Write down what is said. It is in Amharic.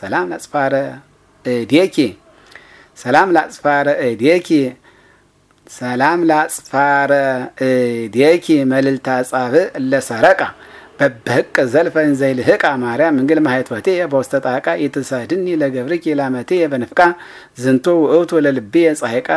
ሰላም ላጽፋረ እዴኪ ሰላም ላጽፋረ እዴኪ ሰላም ላጽፋረ እዴኪ መልልታ ጻብእ ለሰረቃ በብህቅ ዘልፈን ዘይልህቃ ማርያም እንግል ማየትወቴ በውስተ ጣቃ ኢትሰድኒ ለገብርኪ ላመቴ በንፍቃ ዝንቶ ውእቱ ለልቤ ጻይቃ